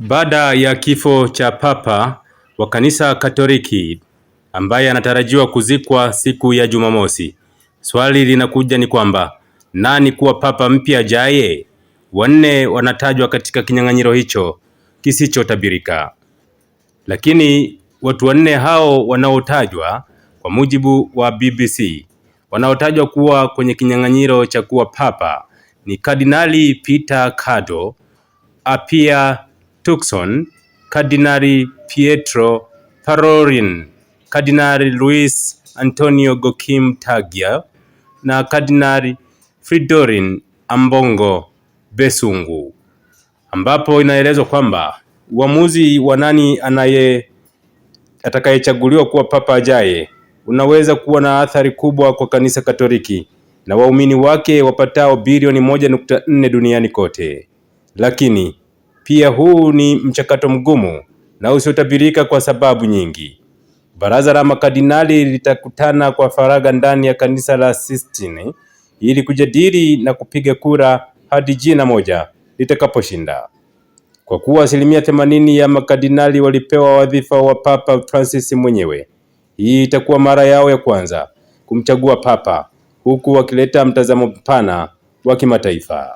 Baada ya kifo cha papa wa kanisa Katoliki ambaye anatarajiwa kuzikwa siku ya Jumamosi, swali linakuja ni kwamba nani kuwa papa mpya ajaye? Wanne wanatajwa katika kinyang'anyiro hicho kisichotabirika, lakini watu wanne hao wanaotajwa, kwa mujibu wa BBC, wanaotajwa kuwa kwenye kinyang'anyiro cha kuwa papa ni Kardinali Peter Kado, Apia Turkson, Kardinali Pietro Parolin, Kardinali Luis Antonio Gokim Tagia na Kardinali Fridolin Ambongo Besungu, ambapo inaelezwa kwamba uamuzi wa nani anaye atakayechaguliwa kuwa papa ajaye unaweza kuwa na athari kubwa kwa kanisa Katoliki na waumini wake wapatao bilioni moja nukta nne duniani kote. Lakini pia huu ni mchakato mgumu na usiotabirika kwa sababu nyingi. Baraza la makadinali litakutana kwa faragha ndani ya kanisa la Sistine ili kujadili na kupiga kura hadi jina moja litakaposhinda. Kwa kuwa asilimia themanini ya makadinali walipewa wadhifa wa Papa Francis mwenyewe, hii itakuwa mara yao ya kwanza kumchagua papa, huku wakileta mtazamo mpana wa kimataifa.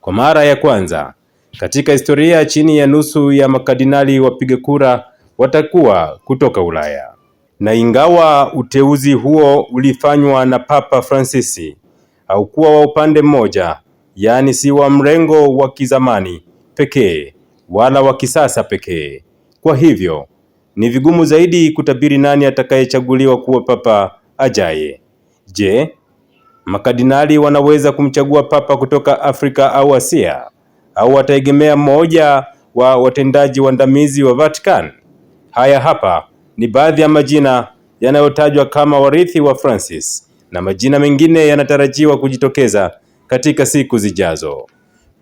Kwa mara ya kwanza katika historia, chini ya nusu ya makadinali wapiga kura watakuwa kutoka Ulaya. Na ingawa uteuzi huo ulifanywa na Papa Francis, haukuwa wa upande mmoja, yaani si wa mrengo wa kizamani pekee wala wa kisasa pekee. Kwa hivyo ni vigumu zaidi kutabiri nani atakayechaguliwa kuwa papa ajaye. Je, makadinali wanaweza kumchagua papa kutoka Afrika au Asia? au wataegemea mmoja wa watendaji waandamizi wa Vatican? Haya hapa ni baadhi ya majina yanayotajwa kama warithi wa Francis na majina mengine yanatarajiwa kujitokeza katika siku zijazo.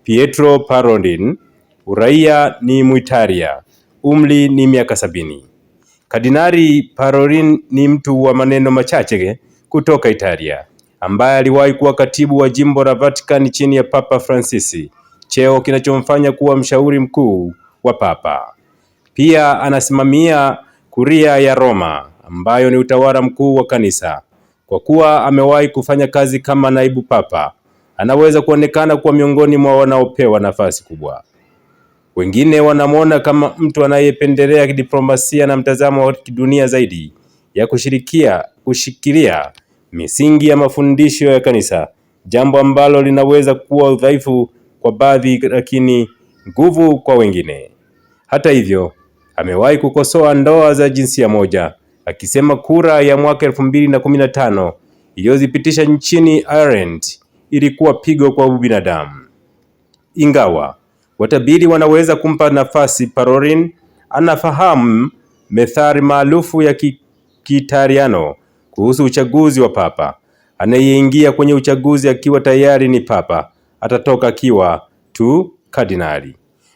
Pietro Parolin, uraia ni muitaria umri ni miaka sabini. Kardinari Parolin ni mtu wa maneno machache kutoka Italia ambaye aliwahi kuwa katibu wa jimbo la Vatican chini ya Papa Francisi cheo kinachomfanya kuwa mshauri mkuu wa Papa. Pia anasimamia Kuria ya Roma ambayo ni utawala mkuu wa kanisa. Kwa kuwa amewahi kufanya kazi kama naibu papa, anaweza kuonekana kuwa miongoni mwa wanaopewa nafasi kubwa. Wengine wanamwona kama mtu anayependelea diplomasia na mtazamo wa kidunia zaidi ya kushirikia kushikilia misingi ya mafundisho ya kanisa, jambo ambalo linaweza kuwa udhaifu kwa baadhi, lakini nguvu kwa wengine. Hata hivyo, amewahi kukosoa ndoa za jinsia moja akisema kura ya mwaka elfu mbili na kumi na tano iliyozipitisha nchini Ireland ilikuwa pigo kwa ubinadamu. Ingawa watabiri wanaweza kumpa nafasi, Parolin anafahamu methali maarufu ya Kiitaliano kuhusu uchaguzi wa papa. Anayeingia kwenye uchaguzi akiwa tayari ni papa atatoka akiwa tu kardinali.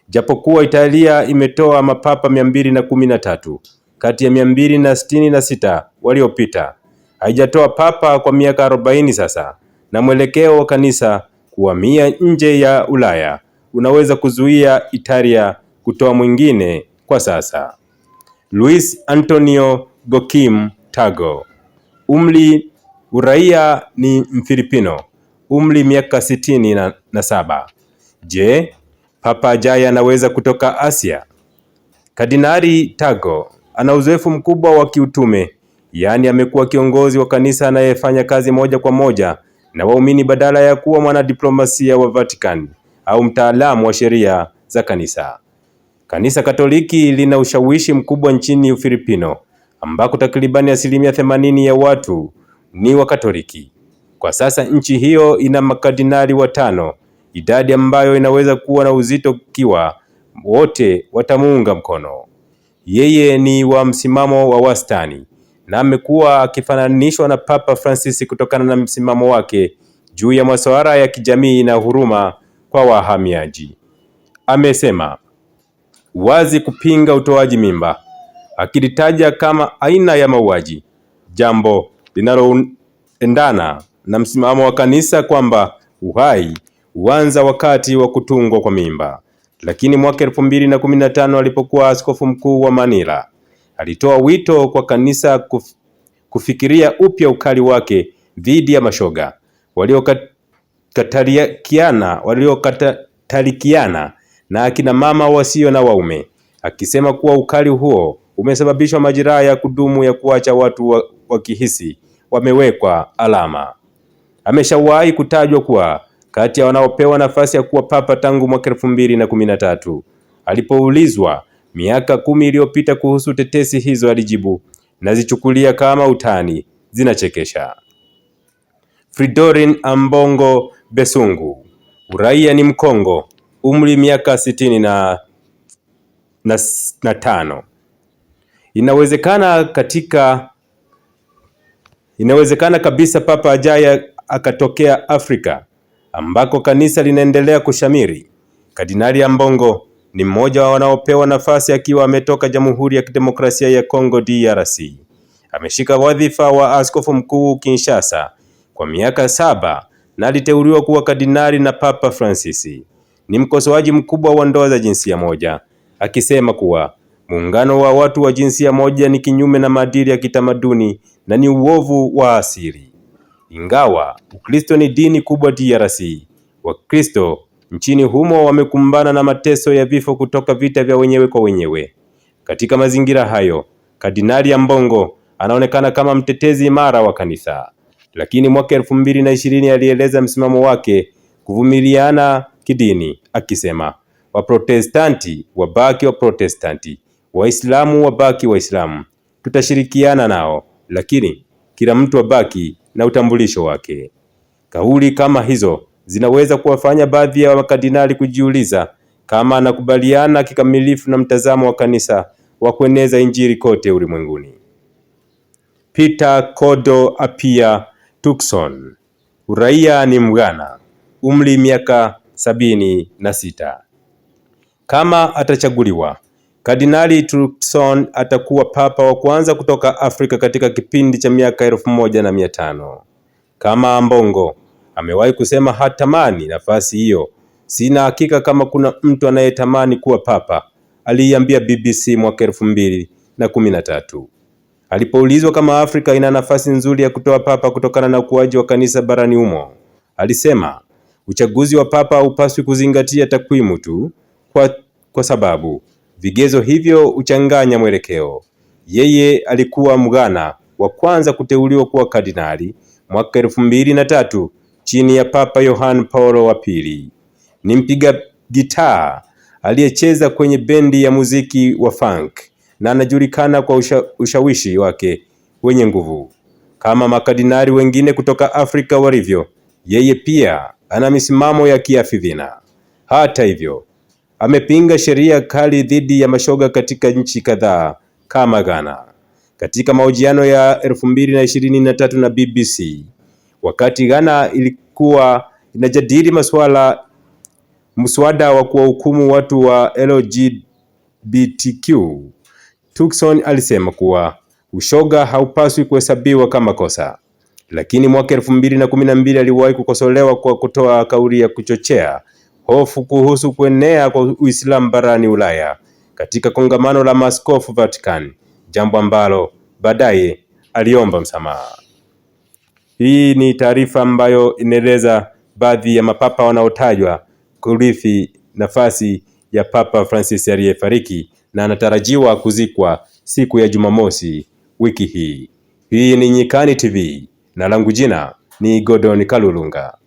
Japokuwa Italia imetoa mapapa mia mbili na kumi na tatu kati ya mia mbili na sitini na sita waliopita, haijatoa papa kwa miaka arobaini sasa, na mwelekeo wa kanisa kuhamia nje ya Ulaya unaweza kuzuia Italia kutoa mwingine kwa sasa. Luis Antonio Gokim tago Umri, uraia ni Mfilipino umri miaka sitini na, na saba. Je, Papa ajaye anaweza kutoka Asia? Kardinali Tago ana uzoefu mkubwa wa kiutume, yaani amekuwa kiongozi wa kanisa anayefanya kazi moja kwa moja na waumini badala ya kuwa mwanadiplomasia wa Vatican au mtaalamu wa sheria za kanisa. Kanisa Katoliki lina ushawishi mkubwa nchini Ufilipino ambako takribani asilimia themanini ya watu ni Wakatoliki. Kwa sasa nchi hiyo ina makardinali watano, idadi ambayo inaweza kuwa na uzito kiwa wote watamuunga mkono. Yeye ni wa msimamo wa wastani na amekuwa akifananishwa na Papa Francis kutokana na msimamo wake juu ya masuala ya kijamii na huruma kwa wahamiaji. Amesema wazi kupinga utoaji mimba, akilitaja kama aina ya mauaji, jambo linaloendana na msimamo wa kanisa kwamba uhai huanza wakati wa kutungwa kwa mimba, lakini mwaka elfu mbili na kumi na tano alipokuwa askofu mkuu wa Manila alitoa wito kwa kanisa kuf, kufikiria upya ukali wake dhidi ya mashoga waliokatalikiana waliokatalikiana na akina mama wasio na waume, akisema kuwa ukali huo umesababishwa majeraha ya kudumu ya kuacha watu wakihisi wamewekwa alama ameshawahi kutajwa kuwa kati ya wanaopewa nafasi ya kuwa papa tangu mwaka elfu mbili na kumi na tatu. Alipoulizwa miaka kumi iliyopita kuhusu tetesi hizo, alijibu nazichukulia kama utani, zinachekesha. Fridorin Ambongo Besungu, uraia ni Mkongo, umri miaka sitini na, na, na tano. Inawezekana katika inawezekana kabisa papa ajaye akatokea Afrika ambako kanisa linaendelea kushamiri. Kardinali Ambongo ni mmoja wa wanaopewa nafasi akiwa ametoka Jamhuri ya Kidemokrasia ya Kongo DRC. Ameshika wadhifa wa askofu mkuu Kinshasa kwa miaka saba na aliteuliwa kuwa kardinali na Papa Francis. Ni mkosoaji mkubwa wa ndoa za jinsia moja, akisema kuwa muungano wa watu wa jinsia moja ni kinyume na maadili ya kitamaduni na ni uovu wa asili. Ingawa Ukristo ni dini kubwa DRC, Wakristo nchini humo wamekumbana na mateso ya vifo kutoka vita vya wenyewe kwa wenyewe. Katika mazingira hayo, Kardinali Ambongo anaonekana kama mtetezi imara wa kanisa, lakini mwaka elfu mbili na ishirini alieleza msimamo wake kuvumiliana kidini, akisema Waprotestanti wabaki Waprotestanti, Waislamu wabaki Waislamu, tutashirikiana nao lakini kila mtu abaki na utambulisho wake. Kauli kama hizo zinaweza kuwafanya baadhi ya makadinali kujiuliza kama anakubaliana kikamilifu na mtazamo wa kanisa wa kueneza injili kote ulimwenguni. Peter Kodo Apia Tukson, uraia ni Mghana, umri miaka sabini na sita. Kama atachaguliwa Kardinali Turkson atakuwa papa wa kwanza kutoka Afrika katika kipindi cha miaka elfu moja na mia tano. Kama Ambongo amewahi kusema hatamani nafasi hiyo, sina hakika kama kuna mtu anayetamani kuwa papa, aliiambia BBC mwaka elfu mbili na kumi na tatu alipoulizwa kama Afrika ina nafasi nzuri ya kutoa papa kutokana na ukuaji wa kanisa barani humo, alisema uchaguzi wa papa haupaswi kuzingatia takwimu tu kwa, kwa sababu Vigezo hivyo huchanganya mwelekeo. Yeye alikuwa Mghana wa kwanza kuteuliwa kuwa kardinali mwaka elfu mbili na tatu chini ya Papa Yohan Paulo wa pili. Ni mpiga gitaa aliyecheza kwenye bendi ya muziki wa funk na anajulikana kwa usha, ushawishi wake wenye nguvu. Kama makadinari wengine kutoka Afrika walivyo, yeye pia ana misimamo ya kiafidhina. Hata hivyo, amepinga sheria kali dhidi ya mashoga katika nchi kadhaa kama Ghana. Katika mahojiano ya elfu mbili na ishirini na tatu na BBC, wakati Ghana ilikuwa inajadili masuala mswada wa kuwahukumu watu wa LGBTQ, Turkson alisema kuwa ushoga haupaswi kuhesabiwa kama kosa, lakini mwaka elfu mbili na kumi na mbili aliwahi kukosolewa kwa kutoa kauli ya kuchochea hofu kuhusu kuenea kwa Uislamu barani Ulaya katika kongamano la maaskofu Vatican, jambo ambalo baadaye aliomba msamaha. Hii ni taarifa ambayo inaeleza baadhi ya mapapa wanaotajwa kurithi nafasi ya Papa Francis aliyefariki na anatarajiwa kuzikwa siku ya Jumamosi wiki hii. Hii ni Nyikani TV na langu jina ni Godon Kalulunga.